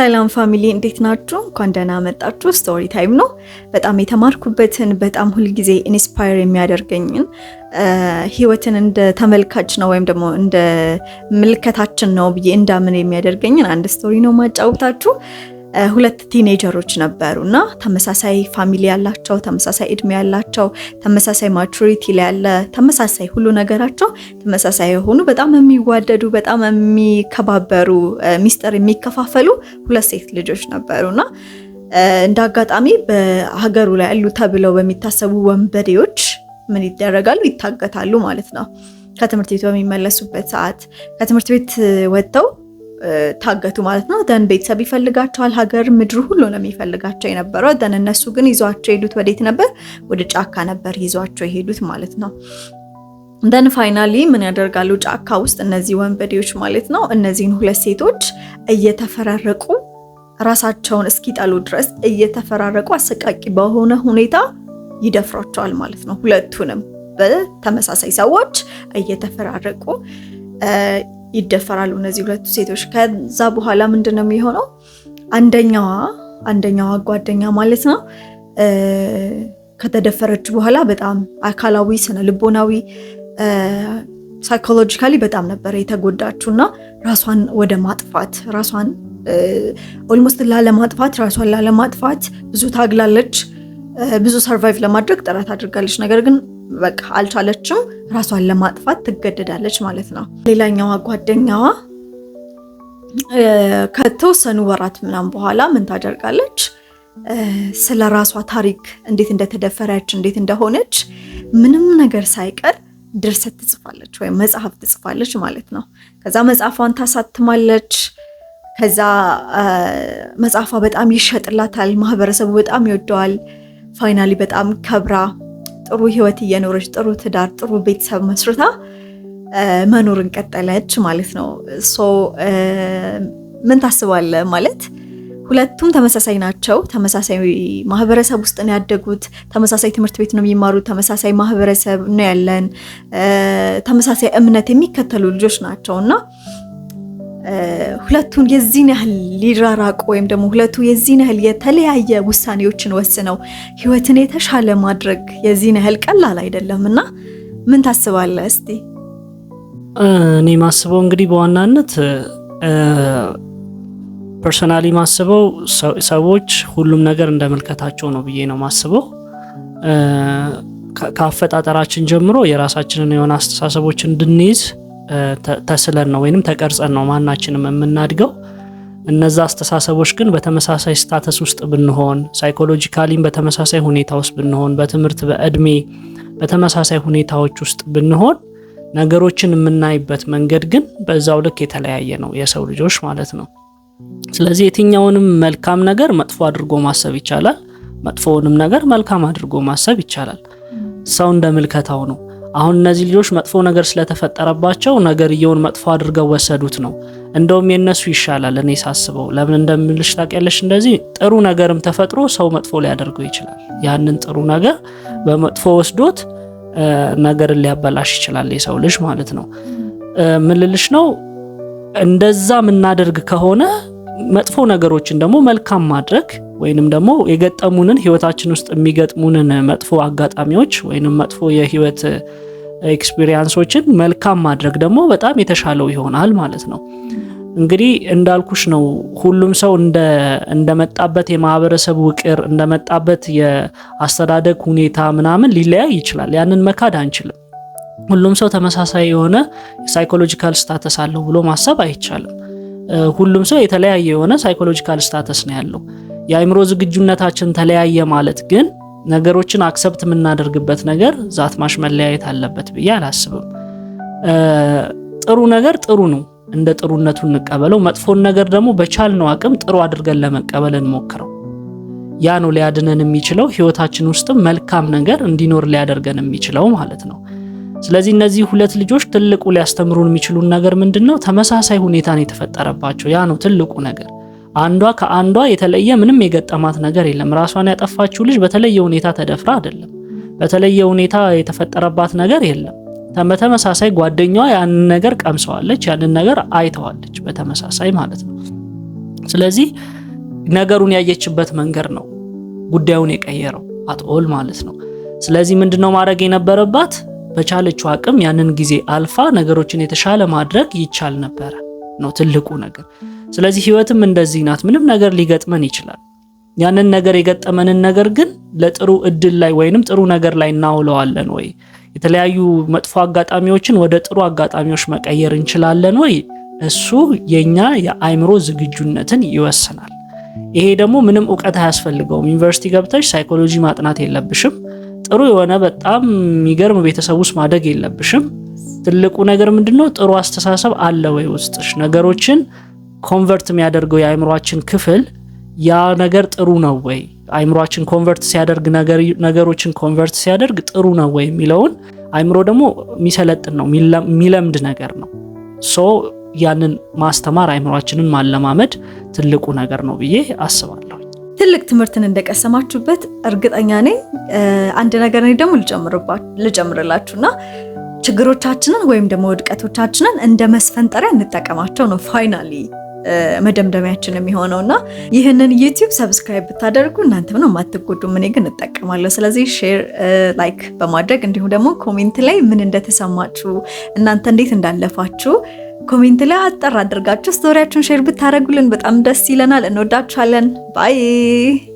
ሰላም ፋሚሊ እንዴት ናችሁ? እንኳን ደህና መጣችሁ። ስቶሪ ታይም ነው። በጣም የተማርኩበትን በጣም ሁልጊዜ ኢንስፓየር የሚያደርገኝን ህይወትን እንደ ተመልካች ነው ወይም ደግሞ እንደ ምልከታችን ነው ብዬ እንዳምን የሚያደርገኝን አንድ ስቶሪ ነው ማጫወታችሁ። ሁለት ቲኔጀሮች ነበሩ እና ተመሳሳይ ፋሚሊ ያላቸው፣ ተመሳሳይ እድሜ ያላቸው፣ ተመሳሳይ ማቹሪቲ ላይ ያለ፣ ተመሳሳይ ሁሉ ነገራቸው ተመሳሳይ የሆኑ በጣም የሚዋደዱ በጣም የሚከባበሩ ሚስጥር የሚከፋፈሉ ሁለት ሴት ልጆች እና እንደ አጋጣሚ በሀገሩ ላይ ያሉ ተብለው በሚታሰቡ ወንበዴዎች ምን ይደረጋሉ? ይታገታሉ ማለት ነው። ከትምህርት ቤት በሚመለሱበት ሰዓት ከትምህርት ቤት ወጥተው ታገቱ ማለት ነው። ደን ቤተሰብ ይፈልጋቸዋል፣ ሀገር፣ ምድር ሁሉ ነው የሚፈልጋቸው የነበረው። ደን እነሱ ግን ይዟቸው የሄዱት ወዴት ነበር? ወደ ጫካ ነበር ይዟቸው የሄዱት ማለት ነው። ደን ፋይናሊ ምን ያደርጋሉ? ጫካ ውስጥ እነዚህ ወንበዴዎች ማለት ነው እነዚህን ሁለት ሴቶች እየተፈራረቁ ራሳቸውን እስኪጠሉ ድረስ እየተፈራረቁ አሰቃቂ በሆነ ሁኔታ ይደፍሯቸዋል ማለት ነው። ሁለቱንም በተመሳሳይ ሰዎች እየተፈራረቁ ይደፈራሉ እነዚህ ሁለቱ ሴቶች። ከዛ በኋላ ምንድን ነው የሚሆነው? አንደኛዋ አንደኛዋ ጓደኛ ማለት ነው ከተደፈረች በኋላ በጣም አካላዊ፣ ስነ ልቦናዊ፣ ሳይኮሎጂካሊ በጣም ነበረ የተጎዳችው እና ራሷን ወደ ማጥፋት ራሷን ኦልሞስት ላለማጥፋት ራሷን ላለማጥፋት ብዙ ታግላለች። ብዙ ሰርቫይቭ ለማድረግ ጥረት አድርጋለች። ነገር ግን በቃ አልቻለችም፣ ራሷን ለማጥፋት ትገደዳለች ማለት ነው። ሌላኛዋ ጓደኛዋ ከተወሰኑ ወራት ምናምን በኋላ ምን ታደርጋለች? ስለ ራሷ ታሪክ እንዴት እንደተደፈረች እንዴት እንደሆነች ምንም ነገር ሳይቀር ድርሰት ትጽፋለች ወይም መጽሐፍ ትጽፋለች ማለት ነው። ከዛ መጽሐፏን ታሳትማለች። ከዛ መጽሐፏ በጣም ይሸጥላታል። ማህበረሰቡ በጣም ይወደዋል። ፋይናሊ በጣም ከብራ ጥሩ ህይወት እየኖረች ጥሩ ትዳር፣ ጥሩ ቤተሰብ መስርታ መኖርን ቀጠለች ማለት ነው። ሶ ምን ታስባለ ማለት ሁለቱም ተመሳሳይ ናቸው። ተመሳሳይ ማህበረሰብ ውስጥ ነው ያደጉት። ተመሳሳይ ትምህርት ቤት ነው የሚማሩት። ተመሳሳይ ማህበረሰብ ነው ያለን። ተመሳሳይ እምነት የሚከተሉ ልጆች ናቸው እና ሁለቱን የዚህን ያህል ሊራራቁ ወይም ደግሞ ሁለቱ የዚህን ያህል የተለያየ ውሳኔዎችን ወስነው ህይወትን የተሻለ ማድረግ የዚህን ያህል ቀላል አይደለም እና ምን ታስባለህ? እስቲ እኔ ማስበው እንግዲህ በዋናነት ፐርሶናሊ ማስበው ሰዎች ሁሉም ነገር እንደ ምልከታቸው ነው ብዬ ነው ማስበው። ከአፈጣጠራችን ጀምሮ የራሳችንን የሆነ አስተሳሰቦች እንድንይዝ ተስለን ነው ወይንም ተቀርጸን ነው ማናችንም የምናድገው። እነዛ አስተሳሰቦች ግን በተመሳሳይ ስታተስ ውስጥ ብንሆን፣ ሳይኮሎጂካሊም በተመሳሳይ ሁኔታ ውስጥ ብንሆን፣ በትምህርት በእድሜ በተመሳሳይ ሁኔታዎች ውስጥ ብንሆን ነገሮችን የምናይበት መንገድ ግን በዛው ልክ የተለያየ ነው የሰው ልጆች ማለት ነው። ስለዚህ የትኛውንም መልካም ነገር መጥፎ አድርጎ ማሰብ ይቻላል፣ መጥፎውንም ነገር መልካም አድርጎ ማሰብ ይቻላል። ሰው እንደ ምልከታው ነው። አሁን እነዚህ ልጆች መጥፎ ነገር ስለተፈጠረባቸው ነገርየውን መጥፎ አድርገው ወሰዱት ነው። እንደውም የነሱ ይሻላል እኔ ሳስበው። ለምን እንደምልሽ ታውቂያለሽ? እንደዚህ ጥሩ ነገርም ተፈጥሮ ሰው መጥፎ ሊያደርገው ይችላል። ያንን ጥሩ ነገር በመጥፎ ወስዶት ነገርን ሊያበላሽ ይችላል የሰው ልጅ ማለት ነው። ምልልሽ ነው እንደዛ የምናደርግ ከሆነ መጥፎ ነገሮችን ደግሞ መልካም ማድረግ ወይንም ደግሞ የገጠሙንን ህይወታችን ውስጥ የሚገጥሙንን መጥፎ አጋጣሚዎች ወይንም መጥፎ የህይወት ኤክስፒሪያንሶችን መልካም ማድረግ ደግሞ በጣም የተሻለው ይሆናል ማለት ነው። እንግዲህ እንዳልኩሽ ነው ሁሉም ሰው እንደመጣበት የማህበረሰብ ውቅር እንደመጣበት የአስተዳደግ ሁኔታ ምናምን ሊለያይ ይችላል። ያንን መካድ አንችልም። ሁሉም ሰው ተመሳሳይ የሆነ ሳይኮሎጂካል ስታተስ አለው ብሎ ማሰብ አይቻልም። ሁሉም ሰው የተለያየ የሆነ ሳይኮሎጂካል ስታተስ ነው ያለው። የአይምሮ ዝግጁነታችን ተለያየ ማለት ግን ነገሮችን አክሰብት የምናደርግበት ነገር ዛትማሽ መለያየት አለበት ብዬ አላስብም። ጥሩ ነገር ጥሩ ነው፣ እንደ ጥሩነቱ እንቀበለው። መጥፎን ነገር ደግሞ በቻልነው አቅም ጥሩ አድርገን ለመቀበል እንሞክረው። ያ ነው ሊያድነን የሚችለው ህይወታችን ውስጥም መልካም ነገር እንዲኖር ሊያደርገን የሚችለው ማለት ነው። ስለዚህ እነዚህ ሁለት ልጆች ትልቁ ሊያስተምሩን የሚችሉን ነገር ምንድን ነው? ተመሳሳይ ሁኔታን የተፈጠረባቸው ያ ነው ትልቁ ነገር። አንዷ ከአንዷ የተለየ ምንም የገጠማት ነገር የለም። ራሷን ያጠፋችው ልጅ በተለየ ሁኔታ ተደፍራ አይደለም። በተለየ ሁኔታ የተፈጠረባት ነገር የለም። በተመሳሳይ ጓደኛዋ ያንን ነገር ቀምሰዋለች፣ ያንን ነገር አይተዋለች፣ በተመሳሳይ ማለት ነው። ስለዚህ ነገሩን ያየችበት መንገድ ነው ጉዳዩን የቀየረው አትኦል ማለት ነው። ስለዚህ ምንድነው ማድረግ የነበረባት? በቻለችው አቅም ያንን ጊዜ አልፋ ነገሮችን የተሻለ ማድረግ ይቻል ነበረ ነው ትልቁ ነገር። ስለዚህ ህይወትም እንደዚህ ናት። ምንም ነገር ሊገጥመን ይችላል። ያንን ነገር የገጠመንን ነገር ግን ለጥሩ እድል ላይ ወይንም ጥሩ ነገር ላይ እናውለዋለን ወይ? የተለያዩ መጥፎ አጋጣሚዎችን ወደ ጥሩ አጋጣሚዎች መቀየር እንችላለን ወይ? እሱ የኛ የአእምሮ ዝግጁነትን ይወስናል። ይሄ ደግሞ ምንም እውቀት አያስፈልገውም። ዩኒቨርሲቲ ገብተሽ ሳይኮሎጂ ማጥናት የለብሽም። ጥሩ የሆነ በጣም የሚገርም ቤተሰብ ውስጥ ማደግ የለብሽም። ትልቁ ነገር ምንድነው? ጥሩ አስተሳሰብ አለ ወይ ውስጥሽ ነገሮችን ኮንቨርት የሚያደርገው የአእምሯችን ክፍል ያ ነገር ጥሩ ነው ወይ፣ አእምሯችን ኮንቨርት ሲያደርግ ነገሮችን ኮንቨርት ሲያደርግ ጥሩ ነው ወይ የሚለውን አእምሮ ደግሞ የሚሰለጥን ነው የሚለምድ ነገር ነው። ሶ ያንን ማስተማር አእምሯችንን ማለማመድ ትልቁ ነገር ነው ብዬ አስባለሁ። ትልቅ ትምህርትን እንደቀሰማችሁበት እርግጠኛ ነኝ። አንድ ነገር ደግሞ ልጨምርላችሁና ችግሮቻችንን ወይም ደግሞ ውድቀቶቻችንን እንደ መስፈንጠሪያ እንጠቀማቸው ነው ፋይናሊ መደምደሚያችን የሚሆነው እና ይህንን ዩቲዩብ ሰብስክራይብ ብታደርጉ እናንተ ምነው የማትጎዱ፣ እኔ ግን እጠቀማለሁ። ስለዚህ ሼር፣ ላይክ በማድረግ እንዲሁም ደግሞ ኮሜንት ላይ ምን እንደተሰማችሁ እናንተ እንዴት እንዳለፋችሁ ኮሜንት ላይ አጠር አድርጋችሁ ስቶሪያችሁን ሼር ብታደርጉልን በጣም ደስ ይለናል። እንወዳችኋለን። ባይ